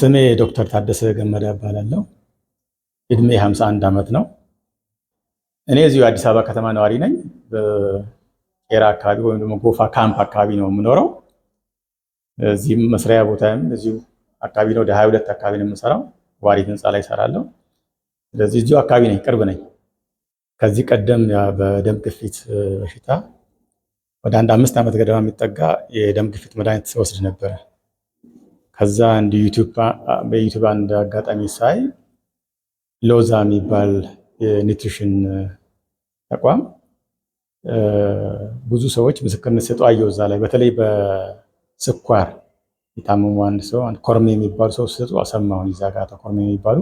ስሜ ዶክተር ታደሰ ገመድ እባላለሁ። እድሜ 51 ዓመት ነው። እኔ እዚሁ አዲስ አበባ ከተማ ነዋሪ ነኝ። በቄራ አካባቢ ወይም ደግሞ ጎፋ ካምፕ አካባቢ ነው የምኖረው። እዚህም መስሪያ ቦታም እዚሁ አካባቢ ነው። ወደ 22 አካባቢ ነው የምሰራው። ዋሪት ህንፃ ላይ እሰራለሁ። ስለዚህ እዚሁ አካባቢ ነኝ፣ ቅርብ ነኝ። ከዚህ ቀደም በደም ግፊት በሽታ ወደ አንድ አምስት ዓመት ገደማ የሚጠጋ የደም ግፊት መድኃኒት ወስድ ነበረ ከዛ እንዲ በዩቱብ አንድ አጋጣሚ ሳይ ሎዛ የሚባል የኒትሪሽን ተቋም ብዙ ሰዎች ምስክርነት ሰጡ አየሁ። እዛ ላይ በተለይ በስኳር የታመሙ አንድ ሰው አንድ ኮርሜ የሚባሉ ሰው ሲሰጡ አሰማሁን። እዛ ጋ ኮርሜ የሚባሉ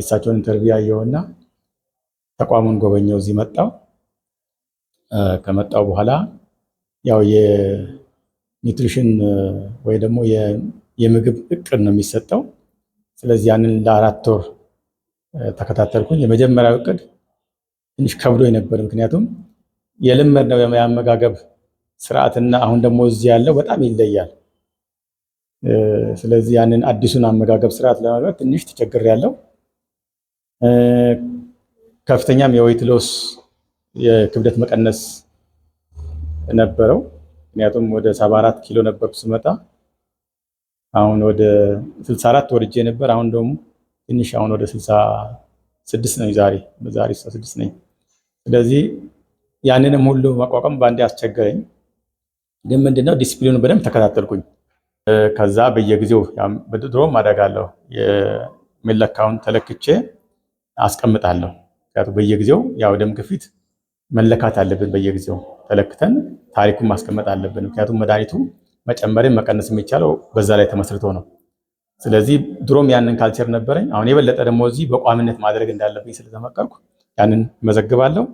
የእሳቸውን ኢንተርቪው አየሁና ተቋሙን ጎበኘው። እዚህ መጣው። ከመጣው በኋላ ያው የኒትሪሽን ወይ ደግሞ የምግብ እቅድ ነው የሚሰጠው። ስለዚህ ያንን ለአራት ወር ተከታተልኩኝ። የመጀመሪያው እቅድ ትንሽ ከብዶ ነበር፣ ምክንያቱም የለመድነው የአመጋገብ ስርዓትና አሁን ደግሞ እዚህ ያለው በጣም ይለያል። ስለዚህ ያንን አዲሱን አመጋገብ ስርዓት ለመልመድ ትንሽ ተቸግር ያለው ከፍተኛም የወይት ሎስ የክብደት መቀነስ ነበረው። ምክንያቱም ወደ ሰባ አራት ኪሎ ነበርኩ ስመጣ አሁን ወደ 64 ወርጄ ነበር። አሁን ደግሞ ትንሽ አሁን ወደ 66 ነኝ ዛሬ ዛሬ 66 ነኝ። ስለዚህ ያንንም ሁሉ መቋቋም በአንዴ አስቸገረኝ። ግን ምንድነው ዲስፕሊኑ በደንብ ተከታተልኩኝ። ከዛ በየጊዜው ድሮም አደርጋለሁ የሚለካውን ተለክቼ አስቀምጣለሁ። ምክንያቱም በየጊዜው ያው ደም ግፊት መለካት አለብን። በየጊዜው ተለክተን ታሪኩን ማስቀመጥ አለብን። ምክንያቱም መድኃኒቱ መጨመርን መቀነስ የሚቻለው በዛ ላይ ተመስርቶ ነው። ስለዚህ ድሮም ያንን ካልቸር ነበረኝ። አሁን የበለጠ ደግሞ እዚህ በቋሚነት ማድረግ እንዳለብኝ ስለተመቀርኩ ያንን መዘግባለሁ።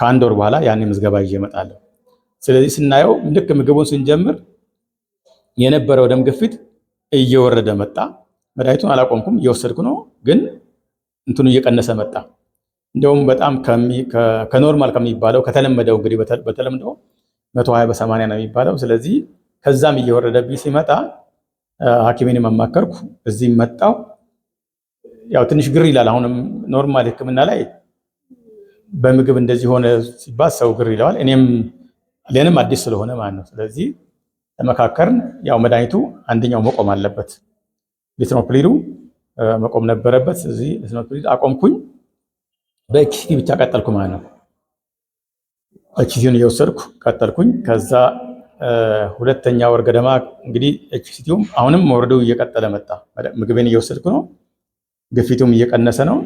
ከአንድ ወር በኋላ ያንን ምዝገባ ይዤ እመጣለሁ። ስለዚህ ስናየው ልክ ምግቡን ስንጀምር የነበረው ደም ግፊት እየወረደ መጣ። መድኃኒቱን አላቆምኩም፣ እየወሰድኩ ነው። ግን እንትኑ እየቀነሰ መጣ። እንደውም በጣም ከኖርማል ከሚባለው ከተለመደው እንግዲህ በተለምዶ መቶ ሀያ በሰማንያ ነው የሚባለው። ስለዚህ ከዛም እየወረደብኝ ሲመጣ ሐኪሜን መማከርኩ፣ እዚህም መጣው። ያው ትንሽ ግር ይላል። አሁንም ኖርማል ሕክምና ላይ በምግብ እንደዚህ ሆነ ሲባል ሰው ግር ይለዋል። እኔም ለእኔም አዲስ ስለሆነ ማለት ነው። ስለዚህ ተመካከርን። ያው መድኃኒቱ አንደኛው መቆም አለበት፣ ሊትኖፕሊዱ መቆም ነበረበት። ስለዚህ ሊትኖፕሊድ አቆምኩኝ። በኤክስቲ ብቻ ቀጠልኩ ማለት ነው። እችሲቲውን እየወሰድኩ ቀጠልኩኝ። ከዛ ሁለተኛ ወር ገደማ እንግዲህ ኤክሲቲውም አሁንም መውረዱ እየቀጠለ መጣ። ምግቤን እየወሰድኩ ነው። ግፊቱም እየቀነሰ ነው።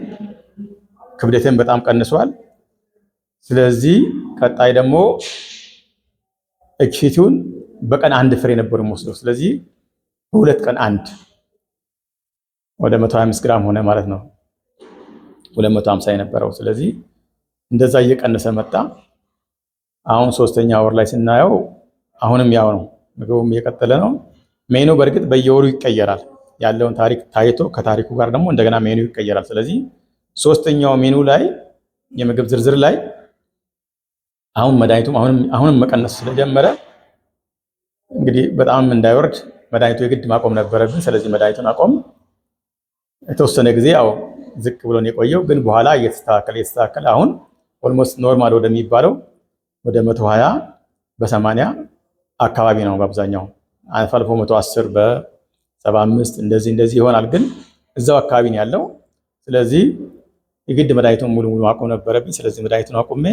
ክብደቴም በጣም ቀንሷል። ስለዚህ ቀጣይ ደግሞ ኤችሲቲውን በቀን አንድ ፍሬ ነበር የምወስደው። ስለዚህ በሁለት ቀን አንድ ወደ 125 ግራም ሆነ ማለት ነው 250 የነበረው። ስለዚህ እንደዛ እየቀነሰ መጣ። አሁን ሶስተኛ ወር ላይ ስናየው አሁንም ያው ነው፣ ምግቡም እየቀጠለ ነው። ሜኑ በእርግጥ በየወሩ ይቀየራል። ያለውን ታሪክ ታይቶ ከታሪኩ ጋር ደግሞ እንደገና ሜኑ ይቀየራል። ስለዚህ ሶስተኛው ሜኑ ላይ የምግብ ዝርዝር ላይ አሁን መድኃኒቱም አሁንም መቀነስ ስለጀመረ እንግዲህ በጣም እንዳይወርድ መድኃኒቱ የግድ ማቆም ነበረብን። ስለዚህ መድኃኒቱን አቆም የተወሰነ ጊዜ ያው ዝቅ ብሎን የቆየው ግን በኋላ እየተስተካከለ እየተስተካከለ አሁን ኦልሞስት ኖርማል ወደሚባለው ወደ 120 በ80 አካባቢ ነው በአብዛኛው አልፎ አልፎ 110 በ75 እንደዚህ እንደዚህ ይሆናል፣ ግን እዛው አካባቢ ነው ያለው። ስለዚህ የግድ መድኃኒቱን ሙሉ ሙሉ ማቆም ነበረብኝ። ስለዚህ መድኃኒቱን አቁሜ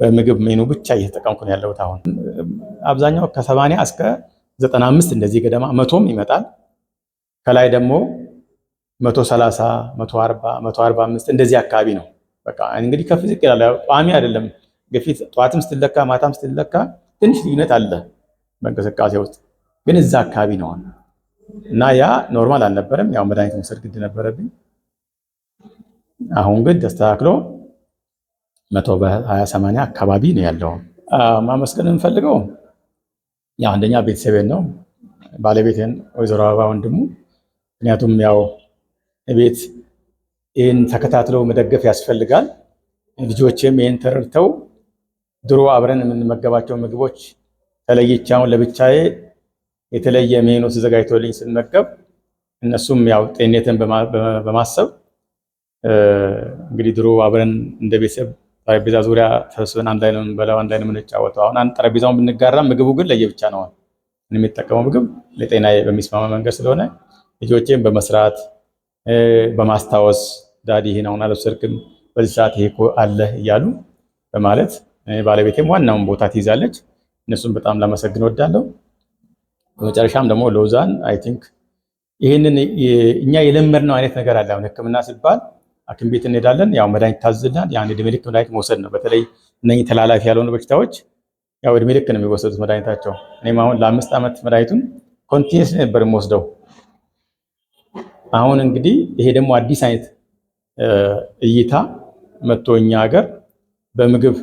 በምግብ ሜኑ ብቻ እየተጠቀምኩ ነው ያለሁት። አሁን አብዛኛው ከ80 እስከ 95 እንደዚህ ገደማ መቶም ይመጣል። ከላይ ደግሞ 130፣ 140፣ 145 እንደዚህ አካባቢ ነው። በቃ እንግዲህ ከፍ ዝቅ ይላል። ቋሚ አይደለም። ግፊት ጠዋትም ስትለካ ማታም ስትለካ ትንሽ ልዩነት አለ በእንቅስቃሴ ውስጥ ግን እዛ አካባቢ ነው እና ያ ኖርማል አልነበረም። ያው መድኃኒት መውሰድ ግድ ነበረብኝ። አሁን ግን ተስተካክሎ መቶ በሀያ ሰማንያ አካባቢ ነው ያለው። ማመስገን የምፈልገው ያው አንደኛ ቤተሰቤን ነው ባለቤቴን፣ ወይዘሮ አበባ ወንድሙ። ምክንያቱም ያው ቤት ይህን ተከታትለው መደገፍ ያስፈልጋል። ልጆችም ይህን ተረድተው ድሮ አብረን የምንመገባቸው ምግቦች ተለይቼ አሁን ለብቻዬ የተለየ ሜኑ ተዘጋጅቶልኝ ስንመገብ እነሱም ያው ጤንነትን በማሰብ እንግዲህ ድሮ አብረን እንደ ቤተሰብ ጠረጴዛ ዙሪያ ተሰብስበን አንድ ላይ ነው የምንበላው፣ አንድ ላይ ነው የምንጫወተው። አሁን አንድ ጠረጴዛውን ብንጋራ ምግቡ ግን ለየብቻ ነው የሚጠቀመው ምግብ ለጤና በሚስማማ መንገድ ስለሆነ ልጆቼም በመስራት በማስታወስ ዳዲ ይሄን አሁን አልወሰድክም በዚህ ሰዓት ይሄ እኮ አለ እያሉ በማለት ባለቤቴም ዋናውን ቦታ ትይዛለች። እነሱም በጣም ላመሰግን ወዳለው። በመጨረሻም ደግሞ ሎዛን አይ ቲንክ ይህንን እኛ የለመድነው አይነት ነገር አለ። አሁን ሕክምና ሲባል ሐኪም ቤት እንሄዳለን፣ ያው መድኃኒት ታዝልናል። ያን ዕድሜ ልክ መድኃኒት መውሰድ ነው። በተለይ እነኚህ ተላላፊ ያልሆኑ በሽታዎች ያው እድሜ ልክ ነው የሚወሰዱት መድኃኒታቸው። እኔም አሁን ለአምስት ዓመት መድኃኒቱን ኮንቲኒስ ነበር የምወስደው። አሁን እንግዲህ ይሄ ደግሞ አዲስ አይነት እይታ መጥቶ እኛ ሀገር በምግብ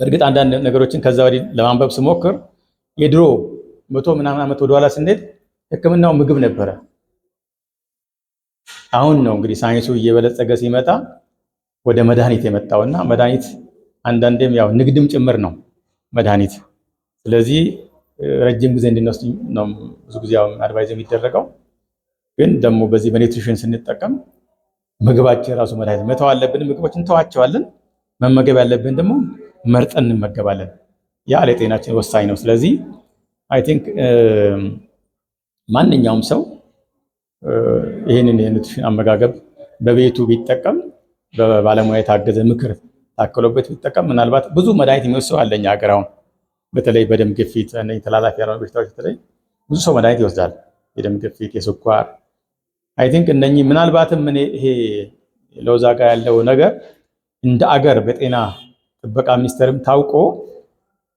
በእርግጥ አንዳንድ ነገሮችን ከዛ ወዲህ ለማንበብ ስሞክር የድሮ መቶ ምናምን ዓመት ወደኋላ ስንሄድ ሕክምናው ምግብ ነበረ። አሁን ነው እንግዲህ ሳይንሱ እየበለጸገ ሲመጣ ወደ መድኃኒት የመጣው እና መድኃኒት አንዳንዴም ያው ንግድም ጭምር ነው መድኃኒት። ስለዚህ ረጅም ጊዜ እንድንወስድ ነው ብዙ ጊዜ አድቫይዝ የሚደረገው። ግን ደግሞ በዚህ በኒውትሪሽን ስንጠቀም ምግባችን የራሱ መድኃኒት መተው አለብን። ምግቦች እንተዋቸዋለን መመገብ ያለብን ደግሞ መርጠን እንመገባለን። ያ ለጤናችን ወሳኝ ነው። ስለዚህ አይ ቲንክ ማንኛውም ሰው ይህንን የኑትሪሽን አመጋገብ በቤቱ ቢጠቀም በባለሙያ የታገዘ ምክር ታክሎበት ቢጠቀም ምናልባት ብዙ መድኃኒት የሚወስድ ሰው አለ እኛ ሀገር አሁን በተለይ በደም ግፊት ተላላፊ ያልሆኑ በሽታዎች በተለይ ብዙ ሰው መድኃኒት ይወስዳል። የደም ግፊት፣ የስኳር አይ ቲንክ እነኚህ ምናልባትም ይሄ ለውዛ ጋር ያለው ነገር እንደ አገር በጤና ጥበቃ ሚኒስቴርም ታውቆ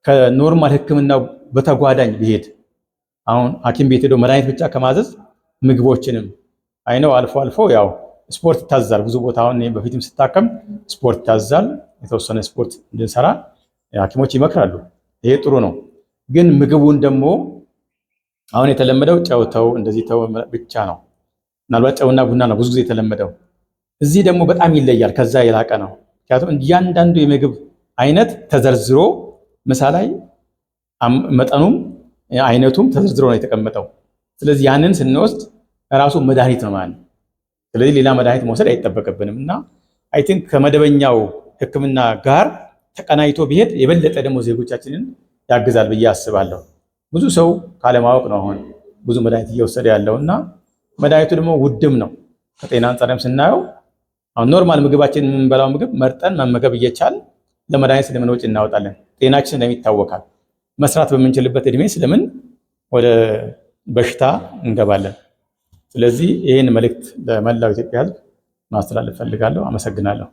ከኖርማል ህክምናው በተጓዳኝ ቢሄድ አሁን ሐኪም ቤት ሄዶ መድኃኒት ብቻ ከማዘዝ ምግቦችንም አይነው አልፎ አልፎ ያው ስፖርት ይታዛል። ብዙ ቦታ አሁን በፊትም ስታከም ስፖርት ይታዘዛል። የተወሰነ ስፖርት እንድንሰራ ሐኪሞች ይመክራሉ። ይሄ ጥሩ ነው። ግን ምግቡን ደግሞ አሁን የተለመደው ጨው ተው እንደዚህ ተው ብቻ ነው። ምናልባት ጨውና ቡና ነው ብዙ ጊዜ የተለመደው። እዚህ ደግሞ በጣም ይለያል። ከዛ የላቀ ነው። ምክንያቱም እያንዳንዱ የምግብ አይነት ተዘርዝሮ ምሳ ላይ መጠኑም አይነቱም ተዘርዝሮ ነው የተቀመጠው። ስለዚህ ያንን ስንወስድ ራሱ መድኃኒት ነው ማለት ነው። ስለዚህ ሌላ መድኃኒት መውሰድ አይጠበቅብንም እና አይ ቲንክ ከመደበኛው ሕክምና ጋር ተቀናይቶ ቢሄድ የበለጠ ደግሞ ዜጎቻችንን ያግዛል ብዬ አስባለሁ። ብዙ ሰው ካለማወቅ ነው አሁን ብዙ መድኃኒት እየወሰደ ያለው እና መድኃኒቱ ደግሞ ውድም ነው ከጤና አንጻርም ስናየው አሁን ኖርማል ምግባችን የምንበላው ምግብ መርጠን መመገብ እየቻል ለመድኃኒት ስለምን ወጪ እናወጣለን? ጤናችን ስለምን ይታወካል? መስራት በምንችልበት እድሜ ስለምን ወደ በሽታ እንገባለን? ስለዚህ ይህን መልእክት ለመላው ኢትዮጵያ ሕዝብ ማስተላለፍ ፈልጋለሁ። አመሰግናለሁ።